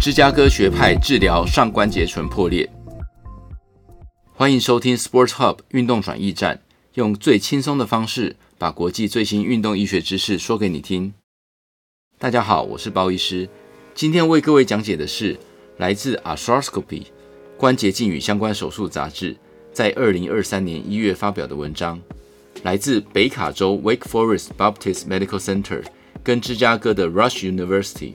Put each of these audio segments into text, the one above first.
芝加哥學派治療上關節唇破裂。歡迎收聽 Sports Hub 運動轉驛站，用最輕鬆的方式把國際最新運動醫學知識說給你聽。大家好，我是包醫師，今天為各位講解的是來自《Arthroscopy 關節鏡與相關手術雜誌》在二零二三年一月發表的文章，來自北卡州 Wake Forest Baptist Medical Center 跟芝加哥的 Rush University。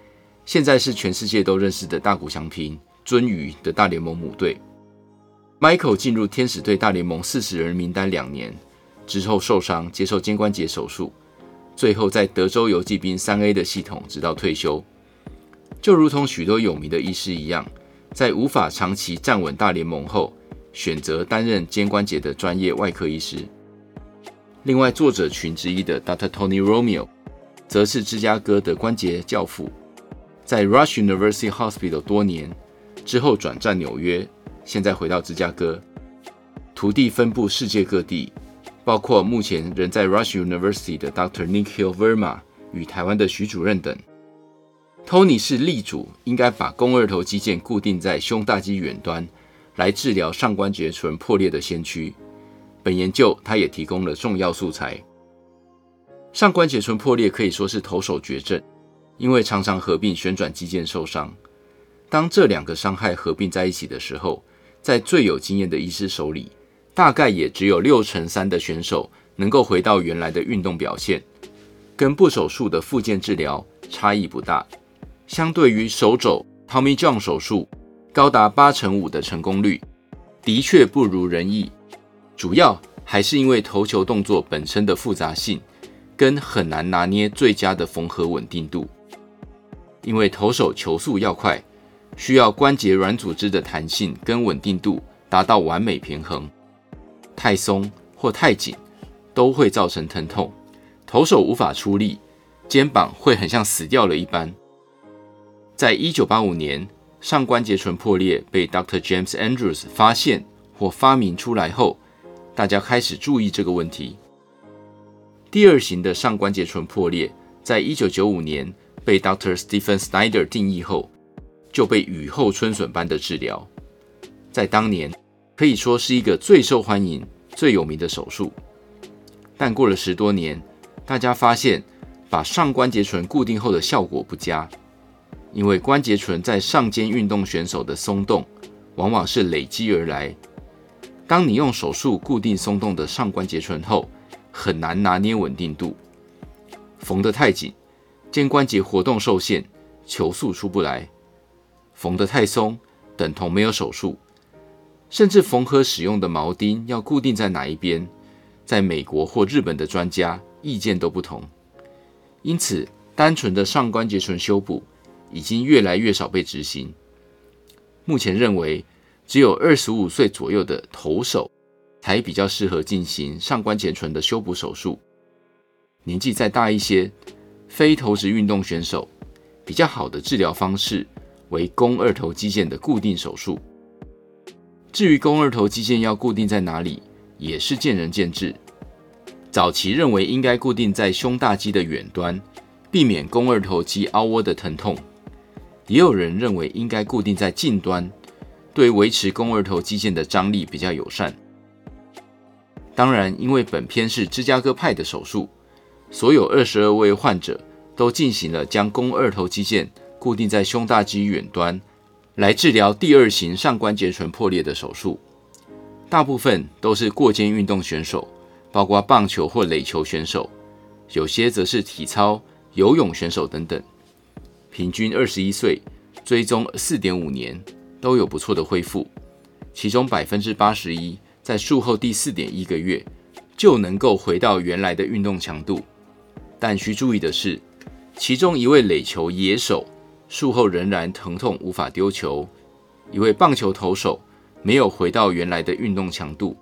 現在是全世界都認識的大谷翔平、鱒魚的大聯盟母隊。Michael 進入天使隊大聯盟四十人名單兩年之後受傷，接受肩關節手術，最後在德州遊騎兵三 A 的系統直到退休。就如同許多有名的醫師一樣，在無法長期站穩大聯盟後，選擇擔任肩關節的專業外科醫師。另外，作者群之一的 Dr. Tony Romeo，則是芝加哥的關節教父。在 Rush University Hospital 多年之後，轉戰紐約，現在回到芝加哥。徒弟分布世界各地，包括目前仍在 Rush University 的 Doctor Nikhil Verma 與台灣的徐主任等。Tony 是力主應該把肱二頭肌腱固定在胸大肌遠端來治療上關節唇破裂的先驅，本研究他也提供了重要素材。上關節唇破裂可以說是投手絕症。因為常常合併旋轉肌腱受傷，當這兩個傷害合併在一起的時候，在最有經驗的醫師手裡，大概也只有六成三的選手能夠回到原來的運動表現，跟不手術的復健治療差異不大。相對於手肘 Tommy John 手術高達八成五的成功率，的確不如人意。主要還是因為投球動作本身的複雜性，跟很難拿捏最佳的縫合穩定度。因為投手球速要快，需要關節軟組織的彈性跟穩定度達到完美平衡，太鬆或太緊都會造成疼痛，投手無法出力，肩膀會很像死掉了一般。在一九八五年上關節唇破裂被 Dr. James Andrews 發現或發明出來後，大家開始注意這個問題。第二型的上關節唇破裂，在一九九五年，被 Doctor Stephen Snyder 定義後，就被雨後春筍般的治療，在當年可以說是一個最受歡迎、最有名的手術。但過了十多年，大家發現把上關節唇固定後的效果不佳，因為關節唇在上肩運動選手的鬆動往往是累積而來。當你用手術固定鬆動的上關節唇後，很難拿捏穩定度，縫得太緊。肩關節活動受限，球速出不來，縫得太鬆等同沒有手術，甚至縫合使用的錨釘要固定在哪一邊，在美國或日本的專家意見都不同，因此單純的上關節唇修補已經越來越少被執行。目前認為，只有二十五歲左右的投手才比較適合進行上關節唇的修補手術，年紀再大一些，非投擲運動選手比較好的治療方式為肱二頭肌腱的固定手術。至於肱二頭肌腱要固定在哪裡，也是見仁見智。早期認為應該固定在胸大肌的遠端，避免肱二頭肌凹窩的疼痛；也有人認為應該固定在近端，對維持肱二頭肌腱的張力比較友善。當然，因為本篇是芝加哥派的手術。所有二十二位患者都進行了將肱二頭肌腱固定在胸大肌遠端來治療第二型上關節唇破裂的手術。大部分都是過肩運動選手，包括棒球或壘球選手，有些則是體操、游泳選手等等。平均二十一歲，追蹤四點五年，都有不錯的恢復。其中百分之八十一在術後第四點一個月就能夠回到原來的運動強度。但需注意的是，其中一位壘球野手術後仍然疼痛無法丟球；一位棒球投手沒有回到原來的運動強度，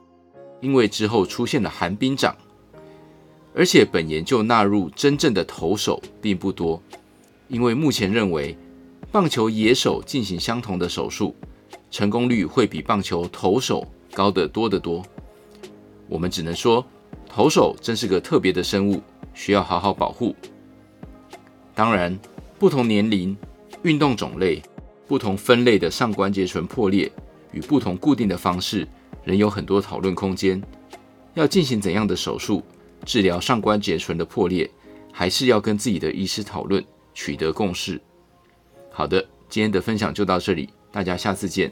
因為之後出現了寒冰掌。而且本研究納入真正的投手並不多，因為目前認為棒球野手進行相同的手術成功率會比棒球投手高得多得多。我們只能說，投手真是個特別的生物。需要好好保護。當然，不同年齡、運動種類、不同分類的上關節唇破裂與不同固定的方式，仍有很多討論空間。要進行怎樣的手術治療上關節唇的破裂，還是要跟自己的醫師討論，取得共識。好的，今天的分享就到這裡，大家下次見。